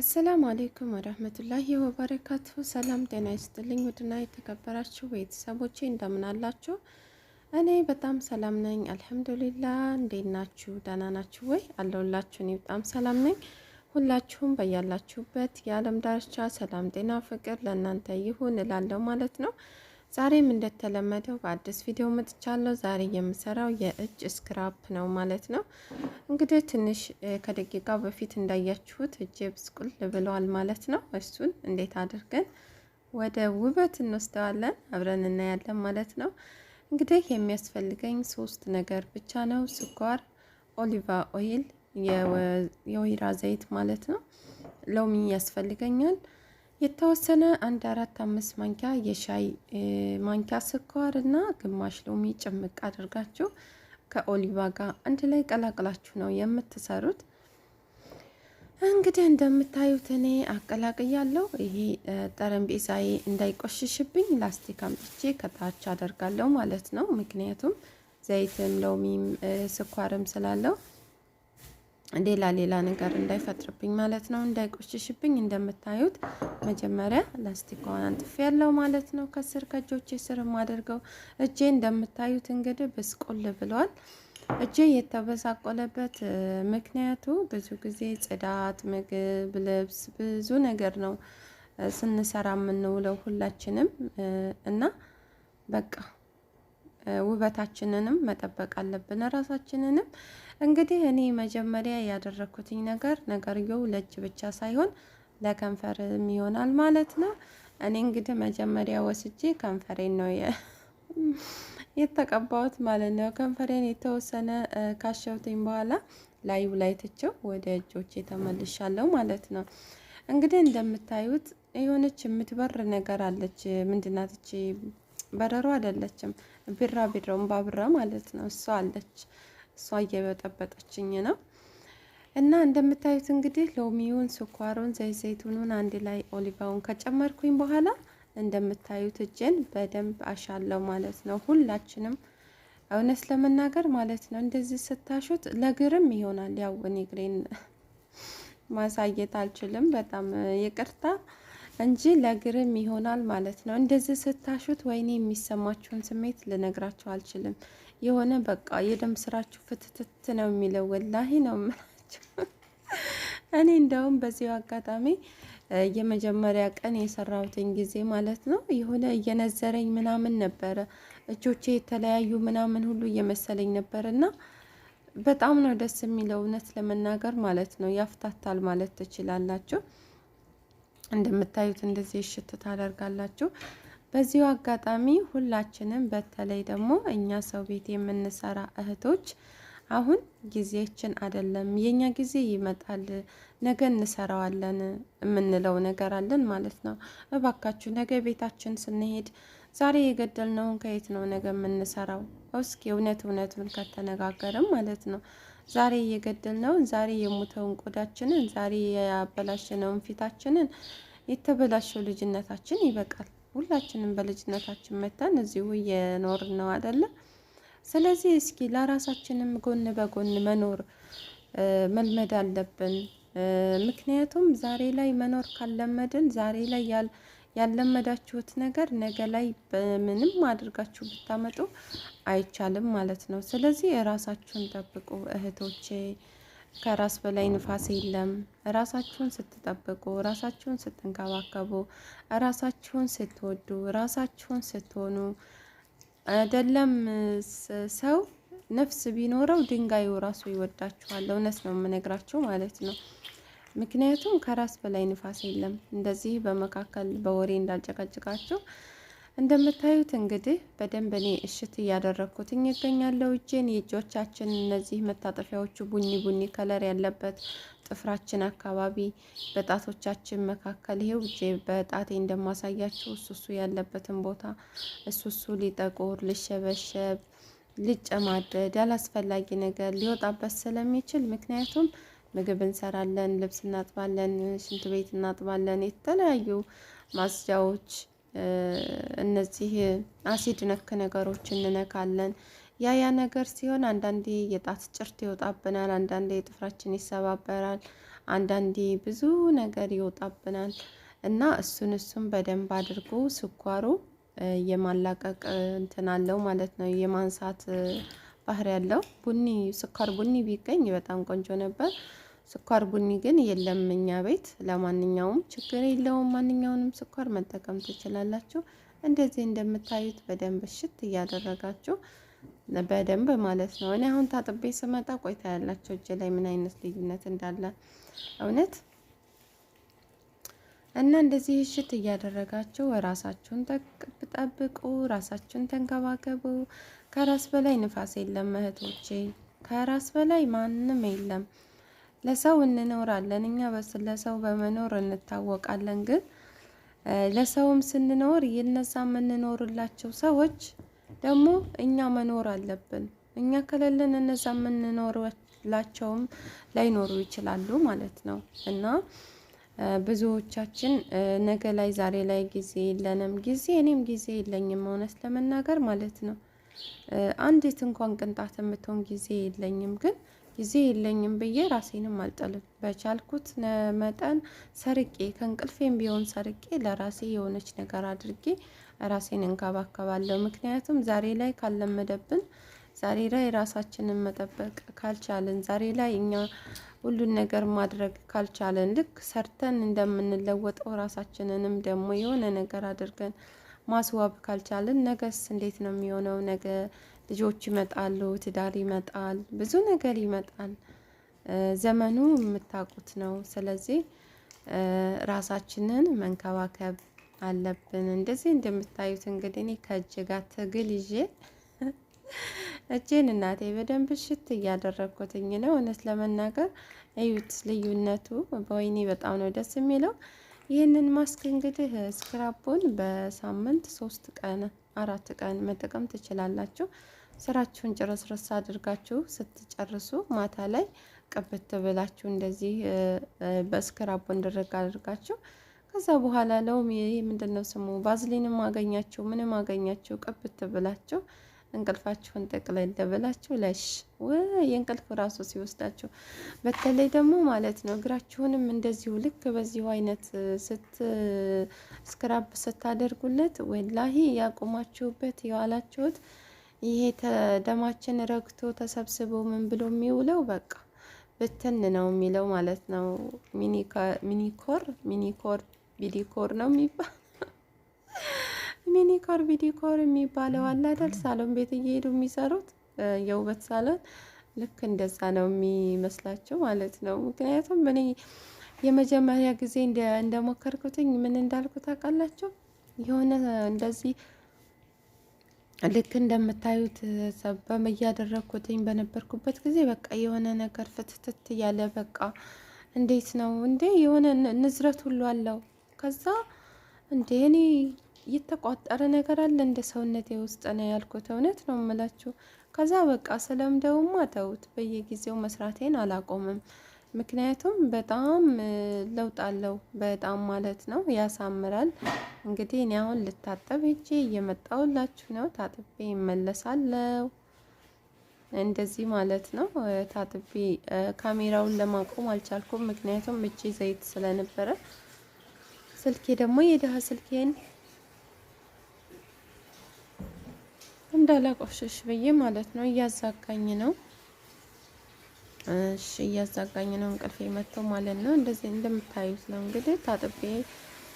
አሰላሙ አሌይኩም ወረህመቱላሂ ወበረካቱሁ። ሰላም ጤና ይስጥልኝ። ውድና የተከበራችሁ ቤተሰቦቼ እንደምን አላችሁ? እኔ በጣም ሰላም ነኝ፣ አልሐምዱሊላ። እንዴት ናችሁ? ደህና ናችሁ ወይ? አለሁላችሁ። እኔ በጣም ሰላም ነኝ። ሁላችሁም በያላችሁበት የዓለም ዳርቻ ሰላም፣ ጤና፣ ፍቅር ለእናንተ ይሁን እላለሁ ማለት ነው። ዛሬም እንደተለመደው በአዲስ ቪዲዮ መጥቻለሁ። ዛሬ የምሰራው የእጅ ስክራፕ ነው ማለት ነው። እንግዲህ ትንሽ ከደቂቃ በፊት እንዳያችሁት እጄ ብስቁል ብለዋል ማለት ነው። እሱን እንዴት አድርገን ወደ ውበት እንወስደዋለን አብረን እናያለን ማለት ነው። እንግዲህ የሚያስፈልገኝ ሶስት ነገር ብቻ ነው። ስኳር፣ ኦሊቫ ኦይል፣ የወይራ ዘይት ማለት ነው። ሎሚ ያስፈልገኛል። የተወሰነ አንድ አራት አምስት ማንኪያ የሻይ ማንኪያ ስኳር እና ግማሽ ሎሚ ጭምቅ አድርጋችሁ ከኦሊቫ ጋር አንድ ላይ ቀላቅላችሁ ነው የምትሰሩት። እንግዲህ እንደምታዩት እኔ አቀላቅያለሁ። ይሄ ጠረጴዛዬ እንዳይቆሽሽብኝ ላስቲክ አምጥቼ ከታች አደርጋለሁ ማለት ነው። ምክንያቱም ዘይትም ሎሚም ስኳርም ስላለው ሌላ ሌላ ነገር እንዳይፈጥርብኝ ማለት ነው፣ እንዳይቆሽሽብኝ። እንደምታዩት መጀመሪያ ላስቲካዋን አንጥፍ ያለው ማለት ነው። ከስር ከእጆቼ ስር የማደርገው እጄ እንደምታዩት እንግዲህ ብስቁል ብሏል። እጅ የተበሳቆለበት ምክንያቱ ብዙ ጊዜ ጽዳት፣ ምግብ፣ ልብስ ብዙ ነገር ነው ስንሰራ የምንውለው ሁላችንም እና በቃ ውበታችንንም መጠበቅ አለብን እራሳችንንም። እንግዲህ እኔ መጀመሪያ ያደረግኩትኝ ነገር ነገርየው ለእጅ ብቻ ሳይሆን ለከንፈርም ይሆናል ማለት ነው። እኔ እንግዲህ መጀመሪያ ወስጄ ከንፈሬን ነው የተቀባሁት ማለት ነው። ከንፈሬን የተወሰነ ካሸውትኝ በኋላ ላዩ ላይ ትቼው ወደ እጆች ተመልሻለሁ ማለት ነው። እንግዲህ እንደምታዩት የሆነች የምትበር ነገር አለች። ምንድናት እቺ? በረሮ አይደለችም፣ ቢራ ቢራውን ባብራ ማለት ነው። እሷ አለች። እሷ እየበጠበጠችኝ ነው። እና እንደምታዩት እንግዲህ ሎሚውን፣ ስኳሩን፣ ዘይት ዘይቱኑን አንድ ላይ ኦሊቫውን ከጨመርኩኝ በኋላ እንደምታዩት እጄን በደንብ አሻለው ማለት ነው። ሁላችንም እውነት ለመናገር ማለት ነው እንደዚህ ስታሹት ለግርም ይሆናል። ያው እኔ እግሬን ማሳየት አልችልም፣ በጣም ይቅርታ እንጂ ለግርም ይሆናል ማለት ነው። እንደዚህ ስታሹት ወይኔ የሚሰማችሁን ስሜት ልነግራችሁ አልችልም። የሆነ በቃ የደም ስራችሁ ፍትትት ነው የሚለው ወላሂ ነው የምላችሁ። እኔ እንደውም በዚሁ አጋጣሚ የመጀመሪያ ቀን የሰራሁትን ጊዜ ማለት ነው የሆነ እየነዘረኝ ምናምን ነበረ እጆቼ የተለያዩ ምናምን ሁሉ እየመሰለኝ ነበር እና በጣም ነው ደስ የሚለው እውነት ለመናገር ማለት ነው። ያፍታታል ማለት ትችላላችሁ። እንደምታዩት እንደዚህ እሽት ታደርጋላችሁ። በዚሁ አጋጣሚ ሁላችንም በተለይ ደግሞ እኛ ሰው ቤት የምንሰራ እህቶች አሁን ጊዜያችን አይደለም። የኛ ጊዜ ይመጣል፣ ነገ እንሰራዋለን የምንለው ነገር አለን ማለት ነው። እባካችሁ ነገ ቤታችን ስንሄድ ዛሬ የገደልነውን ከየት ነው ነገ የምንሰራው? እስኪ እውነት እውነቱን ከተነጋገርም ማለት ነው። ዛሬ የገደልነውን፣ ዛሬ የሞተውን ቆዳችንን፣ ዛሬ ያበላሸነውን ፊታችንን፣ የተበላሸው ልጅነታችን ይበቃል። ሁላችንም በልጅነታችን መተን እዚሁ እየኖርን ነው አይደለም ስለዚህ እስኪ ለራሳችንም ጎን በጎን መኖር መልመድ አለብን። ምክንያቱም ዛሬ ላይ መኖር ካለመድን ዛሬ ላይ ያለመዳችሁት ነገር ነገ ላይ በምንም አድርጋችሁ ብታመጡ አይቻልም ማለት ነው። ስለዚህ ራሳችሁን ጠብቁ እህቶቼ። ከራስ በላይ ንፋስ የለም። ራሳችሁን ስትጠብቁ፣ ራሳችሁን ስትንከባከቡ፣ ራሳችሁን ስትወዱ፣ ራሳችሁን ስትሆኑ አይደለም ሰው ነፍስ ቢኖረው ድንጋዩ ራሱ ይወዳችኋል። እውነት ነው የምነግራችሁ ማለት ነው። ምክንያቱም ከራስ በላይ ንፋስ የለም። እንደዚህ በመካከል በወሬ እንዳልጨቀጭቃችሁ እንደምታዩት እንግዲህ በደንብ እኔ እሽት እያደረግኩትኝ ይገኛለሁ እጄን። የእጆቻችን እነዚህ መታጠፊያዎቹ ቡኒ ቡኒ ከለር ያለበት ጥፍራችን አካባቢ በጣቶቻችን መካከል ይሄው እጄ በጣቴ እንደማሳያችሁ እሱሱ ያለበትን ቦታ እሱሱ ሊጠቁር ሊሸበሸብ ልጨማደድ ያላስፈላጊ ነገር ሊወጣበት ስለሚችል ምክንያቱም ምግብ እንሰራለን፣ ልብስ እናጥባለን፣ ሽንት ቤት እናጥባለን፣ የተለያዩ ማጽጃዎች እነዚህ አሲድ ነክ ነገሮች እንነካለን። ያ ያ ነገር ሲሆን አንዳንዴ የጣት ጭርት ይወጣብናል፣ አንዳንዴ የጥፍራችን ይሰባበራል፣ አንዳንዴ ብዙ ነገር ይወጣብናል እና እሱን እሱን በደንብ አድርጎ ስኳሩ የማላቀቅ እንትን አለው ማለት ነው። የማንሳት ባህሪ ያለው ቡኒ ስኳር ቡኒ ቢገኝ በጣም ቆንጆ ነበር። ስኳር ቡኒ ግን የለም እኛ ቤት። ለማንኛውም ችግር የለውም፣ ማንኛውንም ስኳር መጠቀም ትችላላችሁ። እንደዚህ እንደምታዩት በደንብ እሽት እያደረጋችሁ በደንብ ማለት ነው። እኔ አሁን ታጥቤ ስመጣ ቆይታ ያላቸው እጅ ላይ ምን አይነት ልዩነት እንዳለ እውነት እና እንደዚህ እሽት እያደረጋችሁ ራሳችሁን ጠብቁ፣ ራሳችሁን ተንከባከቡ። ከራስ በላይ ንፋስ የለም እህቶቼ፣ ከራስ በላይ ማንም የለም። ለሰው እንኖራለን እኛ ለሰው በመኖር እንታወቃለን። ግን ለሰውም ስንኖር የነዛ የምንኖርላቸው ሰዎች ደግሞ እኛ መኖር አለብን። እኛ ከሌለን እነዛ የምንኖርላቸውም ላይኖሩ ይችላሉ ማለት ነው እና ብዙዎቻችን ነገ ላይ ዛሬ ላይ ጊዜ የለንም። ጊዜ እኔም ጊዜ የለኝም እውነት ለመናገር ማለት ነው። አንዲት እንኳን ቅንጣት የምትሆን ጊዜ የለኝም ግን ጊዜ የለኝም ብዬ ራሴንም አልጠልም። በቻልኩት መጠን ሰርቄ ከእንቅልፌም ቢሆን ሰርቄ ለራሴ የሆነች ነገር አድርጌ ራሴን እንከባከባለሁ። ምክንያቱም ዛሬ ላይ ካልለመደብን፣ ዛሬ ላይ ራሳችንን መጠበቅ ካልቻለን ዛሬ ላይ እኛ ሁሉን ነገር ማድረግ ካልቻለን ልክ ሰርተን እንደምንለወጠው ራሳችንንም ደግሞ የሆነ ነገር አድርገን ማስዋብ ካልቻለን ነገስ እንዴት ነው የሚሆነው? ነገ ልጆች ይመጣሉ፣ ትዳር ይመጣል፣ ብዙ ነገር ይመጣል። ዘመኑ የምታውቁት ነው። ስለዚህ ራሳችንን መንከባከብ አለብን። እንደዚህ እንደምታዩት እንግዲህ እኔ ከእጅ ጋር ትግል ይዤ እጄን እናቴ በደንብ ሽት እያደረግኩትኝ ነው። እውነት ለመናገር እዩት ልዩነቱ በወይኔ በጣም ነው ደስ የሚለው። ይህንን ማስክ እንግዲህ ስክራቡን በሳምንት ሶስት ቀን አራት ቀን መጠቀም ትችላላችሁ። ስራችሁን ጭረስረስ አድርጋችሁ ስትጨርሱ ማታ ላይ ቅብት ብላችሁ እንደዚህ በስክራቦ እንድረግ አድርጋችሁ ከዛ በኋላ ለውም ምንድን ነው ስሙ ባዝሊንም አገኛችሁ ምንም አገኛችሁ ቀብት ብላችሁ እንቅልፋችሁን ጠቅለል ብላችሁ ለሽ የእንቅልፍ ራሱ ሲወስዳችሁ፣ በተለይ ደግሞ ማለት ነው እግራችሁንም እንደዚሁ ልክ በዚሁ አይነት ስት ስክራብ ስታደርጉለት ወላሂ ያቆማችሁበት የዋላችሁት ይሄ ደማችን ረግቶ ተሰብስቦ ምን ብሎ የሚውለው በቃ ብትን ነው የሚለው ማለት ነው። ሚኒኮር ሚኒኮር ቢዲኮር ነው የሚባል ሚኒኮር ቢዲኮር የሚባለው አለ አይደል? ሳሎን ቤት እየሄዱ የሚሰሩት የውበት ሳሎን ልክ እንደዛ ነው የሚመስላቸው ማለት ነው። ምክንያቱም እኔ የመጀመሪያ ጊዜ እንደሞከርኩትኝ ምን እንዳልኩት አውቃላችሁ የሆነ እንደዚህ ልክ እንደምታዩት ሰበም እያደረግኩትኝ በነበርኩበት ጊዜ በቃ የሆነ ነገር ፍትትት እያለ በቃ እንዴት ነው እንዴ የሆነ ንዝረት ሁሉ አለው። ከዛ እንዴ እኔ የተቋጠረ ነገር አለ እንደ ሰውነቴ ውስጥ ነው ያልኩት። እውነት ነው የምላችሁ። ከዛ በቃ ስለም ደውማ ተውት። በየጊዜው መስራቴን አላቆምም። ምክንያቱም በጣም ለውጥ አለው። በጣም ማለት ነው ያሳምራል። እንግዲህ እኔ አሁን ልታጠብ ሄጄ እየመጣሁላችሁ ነው። ታጥቤ ይመለሳለው እንደዚህ ማለት ነው። ታጥቤ ካሜራውን ለማቆም አልቻልኩም፣ ምክንያቱም እጄ ዘይት ስለነበረ ስልኬ ደግሞ የድሀ ስልኬን እንዳላቆሽሽ ብዬ ማለት ነው እያዛጋኝ ነው። እሺ እያዛጋኝ ነው እንቅልፌ መጥተው ማለት ነው። እንደዚህ እንደምታዩት ነው እንግዲህ ታጥቤ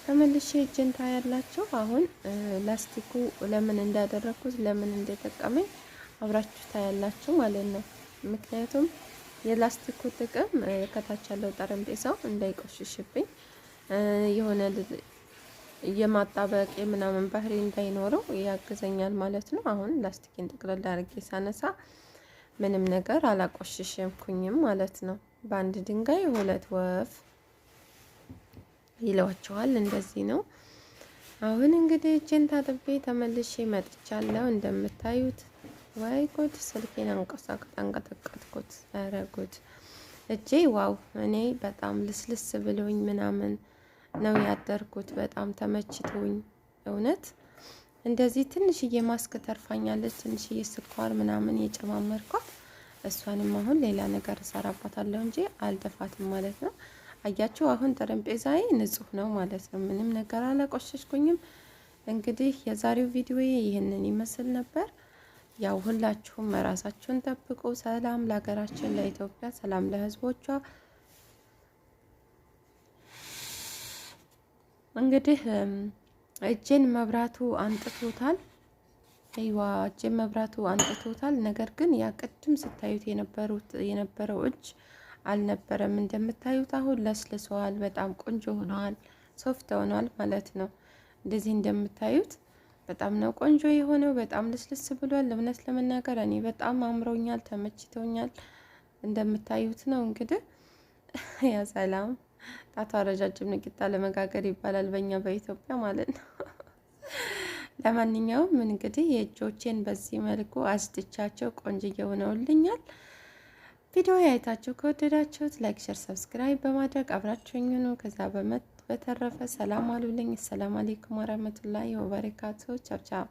ተመልሼ እጅን ታያላችሁ። አሁን ላስቲኩ ለምን እንዳደረኩት ለምን እንደጠቀመኝ አብራችሁ ታያላችሁ ማለት ነው። ምክንያቱም የላስቲኩ ጥቅም ከታች ያለው ጠረጴዛው እንዳይቆሽሽብኝ የሆነ የማጣበቅ የምናምን ባህሪ እንዳይኖረው ያግዘኛል ማለት ነው። አሁን ላስቲክ ጥቅልል አድርጌ ሳነሳ ምንም ነገር አላቆሸሸምኩኝም ማለት ነው። በአንድ ድንጋይ ሁለት ወፍ ይለዋቸዋል። እንደዚህ ነው። አሁን እንግዲህ እጄን ታጥቤ ተመልሼ መጥቻለሁ። እንደምታዩት ወይ ጉድ! ስልኬን አንቀሳቀጥ አንቀጠቀጥኩት። ኧረ ጉድ! እጄ ዋው! እኔ በጣም ልስልስ ብሎኝ ምናምን ነው ያደርኩት። በጣም ተመችቶኝ እውነት እንደዚህ ትንሽዬ ማስክ ተርፋኛለች። ትንሽዬ ስኳር ምናምን የጨማመርኳት እሷንም አሁን ሌላ ነገር እሰራባታለሁ እንጂ አልደፋትም ማለት ነው። አያችሁ አሁን ጠረጴዛዬ ንጹህ ነው ማለት ነው። ምንም ነገር አላቆሸሽኩኝም። እንግዲህ የዛሬው ቪዲዮ ይህንን ይመስል ነበር። ያው ሁላችሁም ራሳችሁን ጠብቁ። ሰላም ለሀገራችን ለኢትዮጵያ፣ ሰላም ለህዝቦቿ እንግዲህ እጄን መብራቱ አንጥቶታል። ይዋ እጄን መብራቱ አንጥቶታል። ነገር ግን ያ ቅድም ስታዩት የነበሩት የነበረው እጅ አልነበረም። እንደምታዩት አሁን ለስልሰዋል፣ በጣም ቆንጆ ሆነዋል፣ ሶፍት ሆኗል ማለት ነው። እንደዚህ እንደምታዩት በጣም ነው ቆንጆ የሆነው። በጣም ልስልስ ብሏል። እውነት ለመናገር እኔ በጣም አምሮኛል፣ ተመችቶኛል። እንደምታዩት ነው እንግዲህ ያ ሰላም ጣቷ ረጃጅም ንቂጣ ለመጋገር ይባላል በእኛ በኢትዮጵያ ማለት ነው። ለማንኛውም እንግዲህ የእጆቼን በዚህ መልኩ አስድቻቸው ቆንጅዬ ሆነውልኛል። ቪዲዮ ያይታችሁ ከወደዳችሁት ላይክ፣ ሸር፣ ሰብስክራይብ በማድረግ አብራችሁኝ ሁኑ። ከዛ በመት በተረፈ ሰላም አሉልኝ። ሰላም አሌይኩም ወረመቱላሂ ወበረካቱ። ቻብቻብ